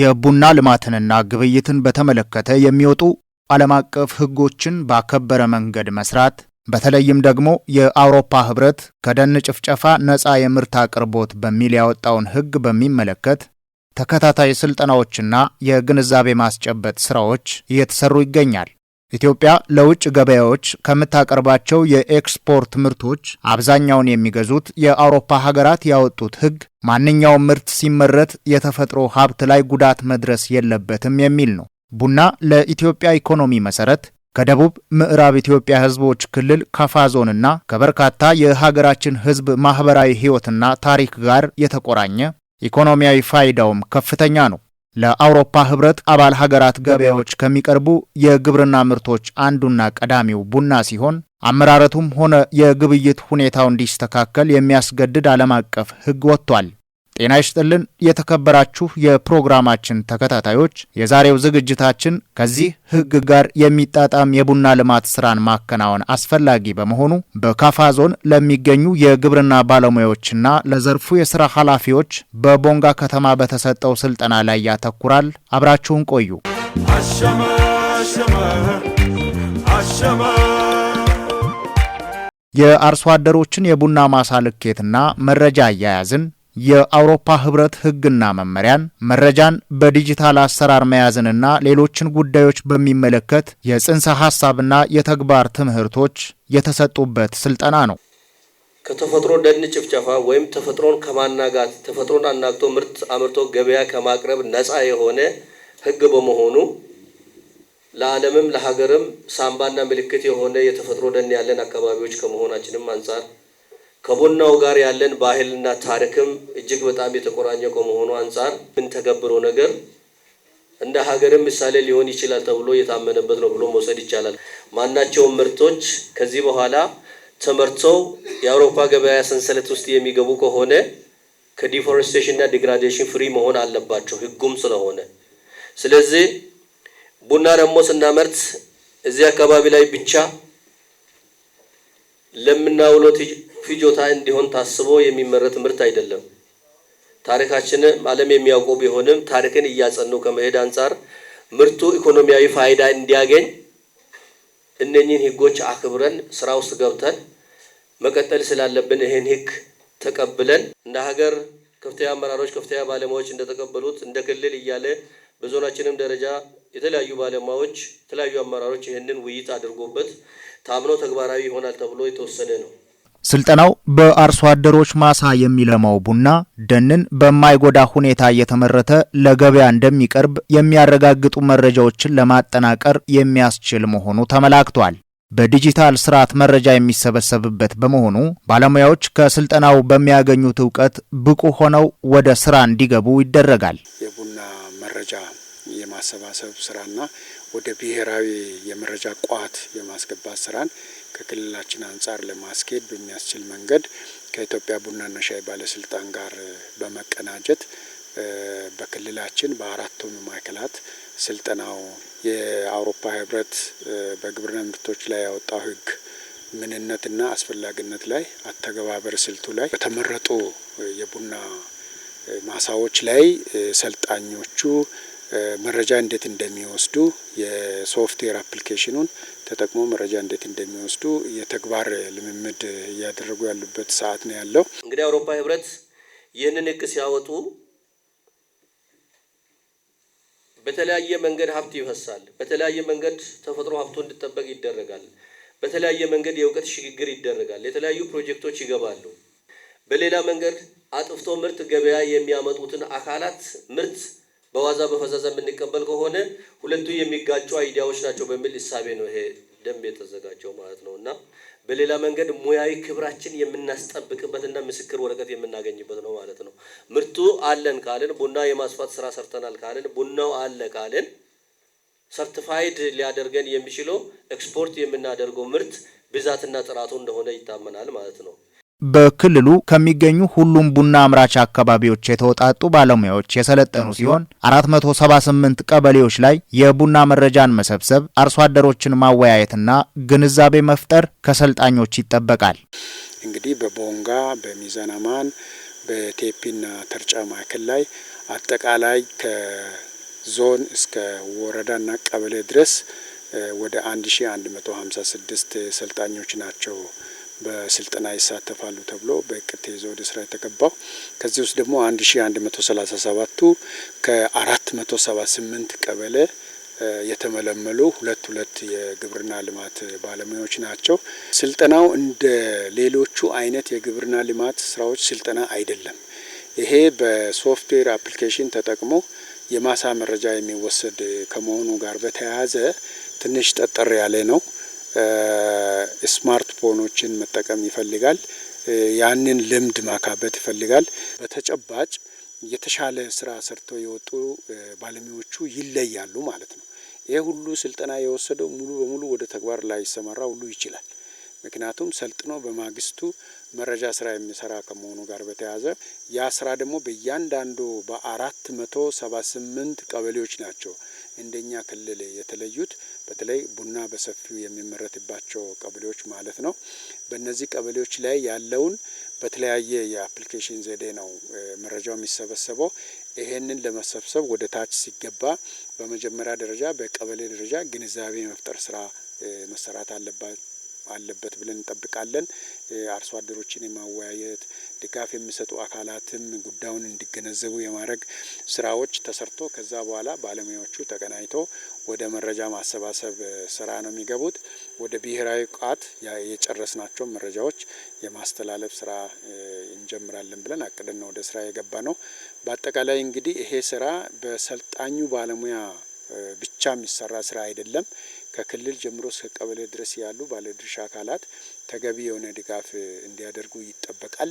የቡና ልማትንና ግብይትን በተመለከተ የሚወጡ ዓለም አቀፍ ሕጎችን ባከበረ መንገድ መስራት በተለይም ደግሞ የአውሮፓ ህብረት ከደን ጭፍጨፋ ነፃ የምርት አቅርቦት በሚል ያወጣውን ህግ በሚመለከት ተከታታይ ስልጠናዎችና የግንዛቤ ማስጨበጥ ስራዎች እየተሰሩ ይገኛል። ኢትዮጵያ ለውጭ ገበያዎች ከምታቀርባቸው የኤክስፖርት ምርቶች አብዛኛውን የሚገዙት የአውሮፓ ሀገራት ያወጡት ሕግ ማንኛውም ምርት ሲመረት የተፈጥሮ ሀብት ላይ ጉዳት መድረስ የለበትም የሚል ነው። ቡና ለኢትዮጵያ ኢኮኖሚ መሰረት ከደቡብ ምዕራብ ኢትዮጵያ ህዝቦች ክልል ካፋ ዞንና ከበርካታ የሀገራችን ህዝብ ማኅበራዊ ሕይወትና ታሪክ ጋር የተቆራኘ ኢኮኖሚያዊ ፋይዳውም ከፍተኛ ነው። ለአውሮፓ ህብረት አባል ሀገራት ገበያዎች ከሚቀርቡ የግብርና ምርቶች አንዱና ቀዳሚው ቡና ሲሆን አመራረቱም ሆነ የግብይት ሁኔታው እንዲስተካከል የሚያስገድድ ዓለም አቀፍ ሕግ ወጥቷል። ጤና ይስጥልን የተከበራችሁ የፕሮግራማችን ተከታታዮች፣ የዛሬው ዝግጅታችን ከዚህ ሕግ ጋር የሚጣጣም የቡና ልማት ስራን ማከናወን አስፈላጊ በመሆኑ በካፋ ዞን ለሚገኙ የግብርና ባለሙያዎችና ለዘርፉ የስራ ኃላፊዎች በቦንጋ ከተማ በተሰጠው ስልጠና ላይ ያተኩራል። አብራችሁን ቆዩ። የአርሶ አደሮችን የቡና ማሳ ልኬትና መረጃ አያያዝን የአውሮፓ ህብረት ህግና መመሪያን፣ መረጃን በዲጂታል አሰራር መያዝንና ሌሎችን ጉዳዮች በሚመለከት የጽንሰ ሀሳብና የተግባር ትምህርቶች የተሰጡበት ስልጠና ነው። ከተፈጥሮ ደን ጭፍጨፋ ወይም ተፈጥሮን ከማናጋት ተፈጥሮን አናግቶ ምርት አምርቶ ገበያ ከማቅረብ ነፃ የሆነ ህግ በመሆኑ ለዓለምም ለሀገርም ሳምባና ምልክት የሆነ የተፈጥሮ ደን ያለን አካባቢዎች ከመሆናችንም አንጻር ከቦናው ጋር ያለን ባህልና ታሪክም እጅግ በጣም የተቆራኘ ከመሆኑ አንጻር የምንተገብረው ነገር እንደ ሀገርም ምሳሌ ሊሆን ይችላል ተብሎ የታመነበት ነው ብሎ መውሰድ ይቻላል። ማናቸውም ምርቶች ከዚህ በኋላ ተመርተው የአውሮፓ ገበያ ሰንሰለት ውስጥ የሚገቡ ከሆነ ከዲፎሬስቴሽን እና ዲግራዴሽን ፍሪ መሆን አለባቸው ህጉም ስለሆነ። ስለዚህ ቡና ደግሞ ስናመርት እዚህ አካባቢ ላይ ብቻ ለምናውለው ፍጆታ እንዲሆን ታስቦ የሚመረት ምርት አይደለም። ታሪካችን ዓለም የሚያውቀው ቢሆንም ታሪክን እያጸኑ ከመሄድ አንጻር ምርቱ ኢኮኖሚያዊ ፋይዳ እንዲያገኝ እነኚህን ህጎች አክብረን ስራ ውስጥ ገብተን መቀጠል ስላለብን ይህን ህግ ተቀብለን እንደ ሀገር ከፍተኛ አመራሮች፣ ከፍተኛ ባለሙያዎች እንደተቀበሉት እንደ ክልል እያለ በዞናችንም ደረጃ የተለያዩ ባለሙያዎች፣ የተለያዩ አመራሮች ይህንን ውይይት አድርጎበት ታምኖ ተግባራዊ ይሆናል ተብሎ የተወሰደ ነው። ስልጠናው በአርሶ አደሮች ማሳ የሚለማው ቡና ደንን በማይጎዳ ሁኔታ እየተመረተ ለገበያ እንደሚቀርብ የሚያረጋግጡ መረጃዎችን ለማጠናቀር የሚያስችል መሆኑ ተመላክቷል። በዲጂታል ስርዓት መረጃ የሚሰበሰብበት በመሆኑ ባለሙያዎች ከስልጠናው በሚያገኙት እውቀት ብቁ ሆነው ወደ ስራ እንዲገቡ ይደረጋል። የቡና መረጃ የማሰባሰብ ስራና ወደ ብሔራዊ የመረጃ ቋት የማስገባት ስራን ከክልላችን አንጻር ለማስኬድ በሚያስችል መንገድ ከኢትዮጵያ ቡናና ሻይ ባለስልጣን ጋር በመቀናጀት በክልላችን በአራቱም ማዕከላት ስልጠናው የአውሮፓ ህብረት በግብርና ምርቶች ላይ ያወጣው ህግ ምንነትና አስፈላጊነት ላይ አተገባበር ስልቱ ላይ በተመረጡ የቡና ማሳዎች ላይ ሰልጣኞቹ መረጃ እንዴት እንደሚወስዱ የሶፍትዌር አፕሊኬሽኑን ተጠቅሞ መረጃ እንዴት እንደሚወስዱ የተግባር ልምምድ እያደረጉ ያሉበት ሰዓት ነው ያለው። እንግዲህ አውሮፓ ህብረት ይህንን ህግ ሲያወጡ በተለያየ መንገድ ሀብት ይፈሳል፣ በተለያየ መንገድ ተፈጥሮ ሀብቶ እንዲጠበቅ ይደረጋል፣ በተለያየ መንገድ የእውቀት ሽግግር ይደረጋል፣ የተለያዩ ፕሮጀክቶች ይገባሉ። በሌላ መንገድ አጥፍቶ ምርት ገበያ የሚያመጡትን አካላት ምርት በዋዛ በፈዛዛ የምንቀበል ከሆነ ሁለቱ የሚጋጩ አይዲያዎች ናቸው በሚል እሳቤ ነው ይሄ ደንብ የተዘጋጀው ማለት ነው። እና በሌላ መንገድ ሙያዊ ክብራችን የምናስጠብቅበትና ምስክር ወረቀት የምናገኝበት ነው ማለት ነው። ምርቱ አለን ካልን ቡና የማስፋት ስራ ሰርተናል ካልን ቡናው አለ ካልን ሰርቲፋይድ ሊያደርገን የሚችለው ኤክስፖርት የምናደርገው ምርት ብዛትና ጥራቱ እንደሆነ ይታመናል ማለት ነው። በክልሉ ከሚገኙ ሁሉም ቡና አምራች አካባቢዎች የተውጣጡ ባለሙያዎች የሰለጠኑ ሲሆን 478 ቀበሌዎች ላይ የቡና መረጃን መሰብሰብ፣ አርሶ አደሮችን ማወያየትና ግንዛቤ መፍጠር ከሰልጣኞች ይጠበቃል። እንግዲህ በቦንጋ በሚዛን አማን በቴፒና ተርጫ ማዕከል ላይ አጠቃላይ ከዞን እስከ ወረዳና ቀበሌ ድረስ ወደ 1156 ሰልጣኞች ናቸው በስልጠና ይሳተፋሉ ተብሎ በእቅድ ተይዞ ወደ ስራ የተገባው ከዚህ ውስጥ ደግሞ 1137ቱ ከ478 ቀበሌ የተመለመሉ ሁለት ሁለት የግብርና ልማት ባለሙያዎች ናቸው። ስልጠናው እንደ ሌሎቹ አይነት የግብርና ልማት ስራዎች ስልጠና አይደለም። ይሄ በሶፍትዌር አፕሊኬሽን ተጠቅሞ የማሳ መረጃ የሚወሰድ ከመሆኑ ጋር በተያያዘ ትንሽ ጠጠር ያለ ነው። ስማርት ፎኖችን መጠቀም ይፈልጋል። ያንን ልምድ ማካበት ይፈልጋል። በተጨባጭ የተሻለ ስራ ሰርተው የወጡ ባለሙያዎቹ ይለያሉ ማለት ነው። ይህ ሁሉ ስልጠና የወሰደው ሙሉ በሙሉ ወደ ተግባር ላይ ሰማራ ሁሉ ይችላል። ምክንያቱም ሰልጥኖ በማግስቱ መረጃ ስራ የሚሰራ ከመሆኑ ጋር በተያያዘ ያ ስራ ደግሞ በእያንዳንዱ በአራት መቶ ሰባ ስምንት ቀበሌዎች ናቸው እንደኛ ክልል የተለዩት በተለይ ቡና በሰፊው የሚመረትባቸው ቀበሌዎች ማለት ነው። በእነዚህ ቀበሌዎች ላይ ያለውን በተለያየ የአፕሊኬሽን ዘዴ ነው መረጃው የሚሰበሰበው። ይሄንን ለመሰብሰብ ወደ ታች ሲገባ በመጀመሪያ ደረጃ በቀበሌ ደረጃ ግንዛቤ መፍጠር ስራ መሰራት አለበት ብለን እንጠብቃለን። አርሶ አደሮችን የማወያየት ድጋፍ የሚሰጡ አካላትም ጉዳዩን እንዲገነዘቡ የማድረግ ስራዎች ተሰርቶ ከዛ በኋላ ባለሙያዎቹ ተቀናይቶ ወደ መረጃ ማሰባሰብ ስራ ነው የሚገቡት። ወደ ብሔራዊ ቋት የጨረስናቸው መረጃዎች የማስተላለፍ ስራ እንጀምራለን ብለን አቅደን ወደ ስራ የገባ ነው። በአጠቃላይ እንግዲህ ይሄ ስራ በሰልጣኙ ባለሙያ ብቻ የሚሰራ ስራ አይደለም። ከክልል ጀምሮ እስከ ቀበሌ ድረስ ያሉ ባለድርሻ አካላት ተገቢ የሆነ ድጋፍ እንዲያደርጉ ይጠበቃል።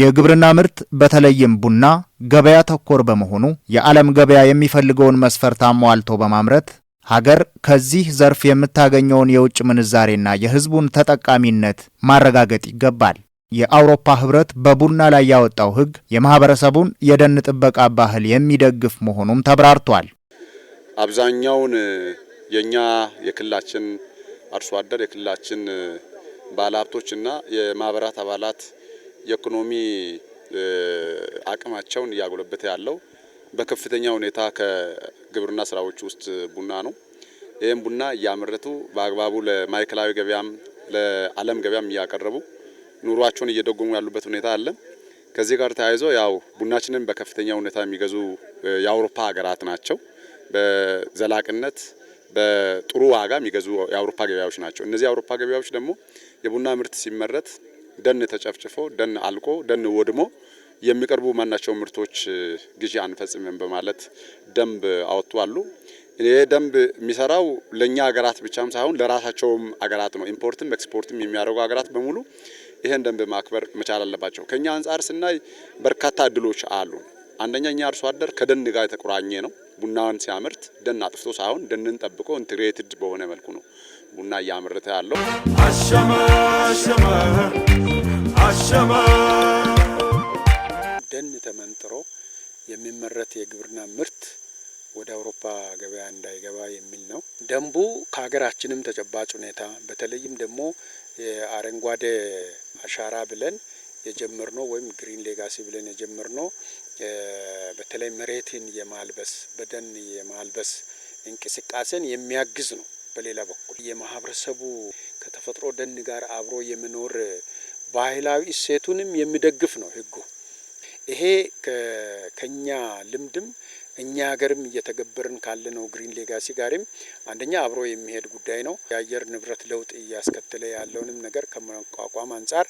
የግብርና ምርት በተለይም ቡና ገበያ ተኮር በመሆኑ የዓለም ገበያ የሚፈልገውን መስፈርት አሟልቶ በማምረት ሀገር ከዚህ ዘርፍ የምታገኘውን የውጭ ምንዛሬና የሕዝቡን ተጠቃሚነት ማረጋገጥ ይገባል። የአውሮፓ ህብረት በቡና ላይ ያወጣው ህግ የማህበረሰቡን የደን ጥበቃ ባህል የሚደግፍ መሆኑም ተብራርቷል። አብዛኛውን የእኛ የክልላችን አርሶ አደር የክልላችን ባላብቶች እና የማህበራት አባላት የኢኮኖሚ አቅማቸውን እያጎለበተ ያለው በከፍተኛ ሁኔታ ከግብርና ስራዎች ውስጥ ቡና ነው። ይህም ቡና እያመረቱ በአግባቡ ለማዕከላዊ ገበያም ለዓለም ገበያም እያቀረቡ ኑሯቸውን እየደጎሙ ያሉበት ሁኔታ አለ። ከዚህ ጋር ተያይዞ ያው ቡናችንን በከፍተኛ ሁኔታ የሚገዙ የአውሮፓ ሀገራት ናቸው። በዘላቅነት በጥሩ ዋጋ የሚገዙ የአውሮፓ ገበያዎች ናቸው። እነዚህ የአውሮፓ ገበያዎች ደግሞ የቡና ምርት ሲመረት ደን ተጨፍጭፎ ደን አልቆ ደን ወድሞ የሚቀርቡ ማናቸው ምርቶች ግዢ አንፈጽምም በማለት ደንብ አወጡ አሉ። ይህ ደንብ የሚሰራው ለእኛ ሀገራት ብቻም ሳይሆን ለራሳቸውም ሀገራት ነው። ኢምፖርትም ኤክስፖርትም የሚያደርጉ ሀገራት በሙሉ ይህን ደንብ ማክበር መቻል አለባቸው። ከእኛ አንጻር ስናይ በርካታ እድሎች አሉ። አንደኛ እኛ አርሶ አደር ከደን ጋር የተቆራኘ ነው። ቡናን ሲያመርት ደን አጥፍቶ ሳይሆን ደንን ጠብቆ ኢንትግሬትድ በሆነ መልኩ ነው ቡና እያመረተ ያለው። ደን ተመንጥሮ የሚመረት የግብርና ምርት ወደ አውሮፓ ገበያ እንዳይገባ የሚል ነው ደንቡ። ከሀገራችንም ተጨባጭ ሁኔታ በተለይም ደግሞ የአረንጓዴ አሻራ ብለን የጀመርነው ወይም ግሪን ሌጋሲ ብለን የጀመርነው በተለይ መሬትን የማልበስ በደን የማልበስ እንቅስቃሴን የሚያግዝ ነው። በሌላ በኩል የማህበረሰቡ ከተፈጥሮ ደን ጋር አብሮ የመኖር ባህላዊ እሴቱንም የሚደግፍ ነው ህጉ። ይሄ ከኛ ልምድም እኛ ሀገርም እየተገበርን ካለነው ግሪን ሌጋሲ ጋርም አንደኛ አብሮ የሚሄድ ጉዳይ ነው። የአየር ንብረት ለውጥ እያስከተለ ያለውንም ነገር ከመቋቋም አንጻር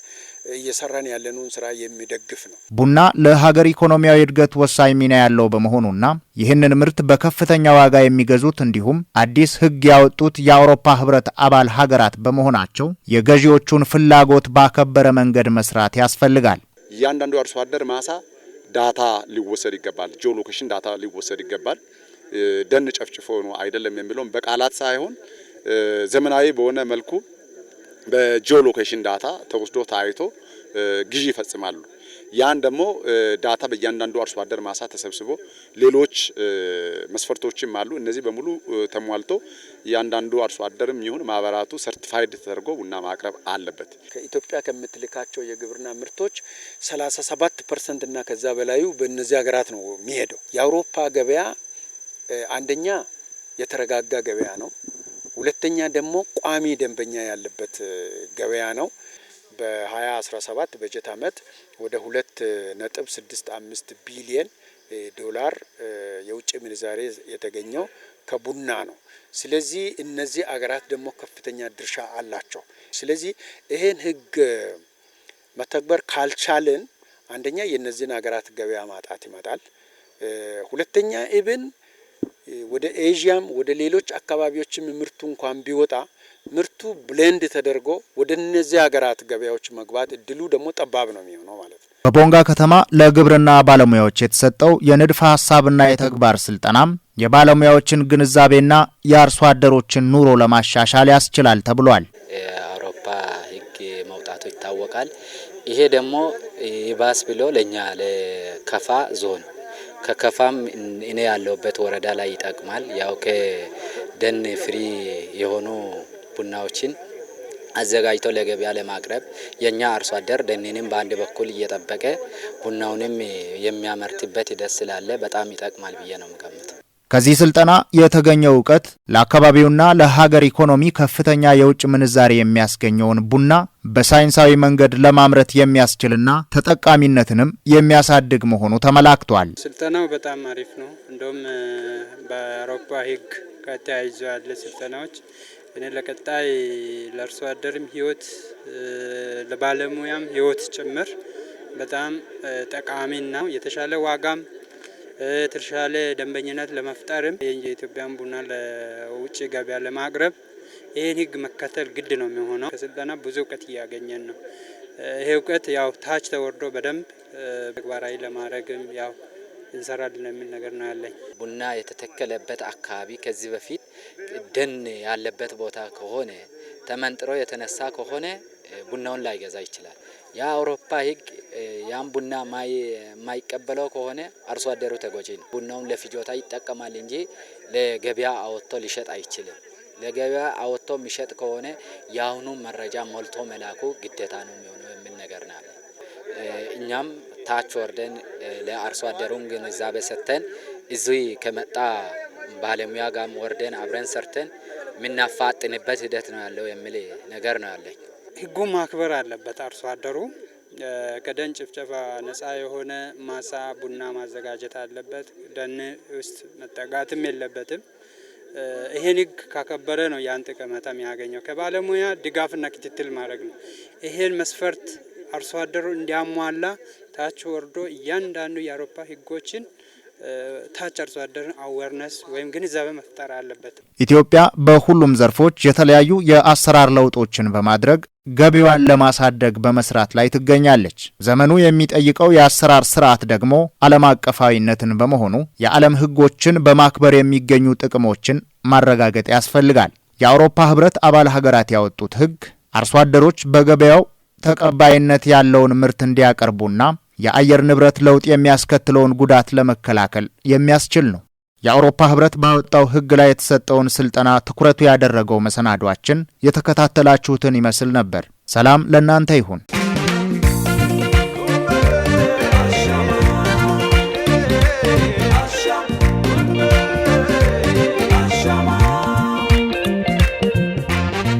እየሰራን ያለንን ስራ የሚደግፍ ነው። ቡና ለሀገር ኢኮኖሚያዊ እድገት ወሳኝ ሚና ያለው በመሆኑና ይህንን ምርት በከፍተኛ ዋጋ የሚገዙት እንዲሁም አዲስ ሕግ ያወጡት የአውሮፓ ሕብረት አባል ሀገራት በመሆናቸው የገዢዎቹን ፍላጎት ባከበረ መንገድ መስራት ያስፈልጋል። እያንዳንዱ አርሶ አደር ማሳ ዳታ ሊወሰድ ይገባል። ጂኦ ሎኬሽን ዳታ ሊወሰድ ይገባል። ደን ጨፍጭፎ ነው አይደለም የሚለውም በቃላት ሳይሆን ዘመናዊ በሆነ መልኩ በጂኦ ሎኬሽን ዳታ ተወስዶ ታይቶ ግዢ ይፈጽማሉ። ያን ደግሞ ዳታ በእያንዳንዱ አርሶ አደር ማሳ ተሰብስቦ ሌሎች መስፈርቶችም አሉ። እነዚህ በሙሉ ተሟልቶ እያንዳንዱ አርሶ አደርም ይሁን ማህበራቱ ሰርቲፋይድ ተደርጎ ቡና ማቅረብ አለበት። ከኢትዮጵያ ከምትልካቸው የግብርና ምርቶች 37 ፐርሰንት እና ከዛ በላዩ በእነዚህ ሀገራት ነው የሚሄደው። የአውሮፓ ገበያ አንደኛ የተረጋጋ ገበያ ነው። ሁለተኛ ደግሞ ቋሚ ደንበኛ ያለበት ገበያ ነው። በ2017 በጀት ዓመት ወደ 2.65 ቢሊየን ዶላር የውጭ ምንዛሬ የተገኘው ከቡና ነው። ስለዚህ እነዚህ አገራት ደግሞ ከፍተኛ ድርሻ አላቸው። ስለዚህ ይሄን ህግ መተግበር ካልቻልን አንደኛ የእነዚህን ሀገራት ገበያ ማጣት ይመጣል። ሁለተኛ ኢብን ወደ ኤዥያም ወደ ሌሎች አካባቢዎችም ምርቱ እንኳን ቢወጣ ምርቱ ብሌንድ ተደርጎ ወደ እነዚህ ሀገራት ገበያዎች መግባት እድሉ ደግሞ ጠባብ ነው የሚሆነው ማለት ነው። በቦንጋ ከተማ ለግብርና ባለሙያዎች የተሰጠው የንድፈ ሀሳብና የተግባር ስልጠናም የባለሙያዎችን ግንዛቤና የአርሶ አደሮችን ኑሮ ለማሻሻል ያስችላል ተብሏል። የአውሮፓ ሕግ መውጣቱ ይታወቃል። ይሄ ደግሞ ይባስ ብሎ ለእኛ ለከፋ ዞን ከከፋም እኔ ያለሁበት ወረዳ ላይ ይጠቅማል። ያው ከደን ፍሪ የሆኑ ቡናዎችን አዘጋጅቶ ለገበያ ለማቅረብ የእኛ አርሶ አደር ደኔንም በአንድ በኩል እየጠበቀ ቡናውንም የሚያመርትበት ሂደት ስላለ በጣም ይጠቅማል ብዬ ነው የምገምተው። ከዚህ ስልጠና የተገኘው እውቀት ለአካባቢውና ለሀገር ኢኮኖሚ ከፍተኛ የውጭ ምንዛሬ የሚያስገኘውን ቡና በሳይንሳዊ መንገድ ለማምረት የሚያስችልና ተጠቃሚነትንም የሚያሳድግ መሆኑ ተመላክቷል። ስልጠናው በጣም አሪፍ ነው። እንደውም በአውሮፓ ሕግ ከተያይዞ ያለ ስልጠናዎች እኔ ለቀጣይ ለአርሶ አደርም ህይወት ለባለሙያም ህይወት ጭምር በጣም ና የተሻለ ዋጋም የተሻለ ደንበኝነት ለመፍጠርም የኢትዮጵያን ቡና ለውጭ ገበያ ለማቅረብ ይህን ህግ መከተል ግድ ነው የሚሆነው። ከስልጠና ብዙ እውቀት እያገኘን ነው። ይህ እውቀት ያው ታች ተወርዶ በደንብ ተግባራዊ ለማድረግም ያው እንሰራለን የሚል ነገር ነው ያለኝ። ቡና የተተከለበት አካባቢ ከዚህ በፊት ደን ያለበት ቦታ ከሆነ ተመንጥሮ የተነሳ ከሆነ ቡናውን ላይገዛ ይችላል። የአውሮፓ ሕግ ያም ቡና የማይቀበለው ከሆነ አርሶ አደሩ ተጎጂ ነው። ቡናውን ለፍጆታ ይጠቀማል እንጂ ለገበያ አወጥቶ ሊሸጥ አይችልም። ለገበያ አወጥቶ የሚሸጥ ከሆነ የአሁኑ መረጃ ሞልቶ መላኩ ግዴታ ነው የሚሆነው የሚል ነገር ነው። እኛም ታች ወርደን ለአርሶ አደሩን ግንዛቤ ሰጥተን እዚህ ከመጣ ባለሙያ ጋር ወርደን አብረን ሰርተን የምናፋጥንበት ሂደት ነው ያለው የሚል ነገር ነው ያለኝ። ህጉ ማክበር አለበት አርሶ አደሩ ከደን ጭፍጨፋ ነጻ የሆነ ማሳ ቡና ማዘጋጀት አለበት። ደን ውስጥ መጠጋትም የለበትም። ይሄን ህግ ካከበረ ነው ያን ጠቀሜታ የሚያገኘው። ከባለሙያ ድጋፍና ክትትል ማድረግ ነው። ይሄን መስፈርት አርሶ አደሩ እንዲያሟላ ታች ወርዶ እያንዳንዱ የአውሮፓ ህጎችን ታች አርሶ አደር አዌርነስ ወይም ግንዛቤ መፍጠር አለበት። ኢትዮጵያ በሁሉም ዘርፎች የተለያዩ የአሰራር ለውጦችን በማድረግ ገቢዋን ለማሳደግ በመስራት ላይ ትገኛለች። ዘመኑ የሚጠይቀው የአሰራር ስርዓት ደግሞ ዓለም አቀፋዊነትን በመሆኑ የዓለም ሕጎችን በማክበር የሚገኙ ጥቅሞችን ማረጋገጥ ያስፈልጋል። የአውሮፓ ሕብረት አባል ሀገራት ያወጡት ሕግ አርሶ አደሮች በገበያው ተቀባይነት ያለውን ምርት እንዲያቀርቡና የአየር ንብረት ለውጥ የሚያስከትለውን ጉዳት ለመከላከል የሚያስችል ነው። የአውሮፓ ህብረት ባወጣው ህግ ላይ የተሰጠውን ስልጠና ትኩረቱ ያደረገው መሰናዷችን የተከታተላችሁትን ይመስል ነበር። ሰላም ለእናንተ ይሁን።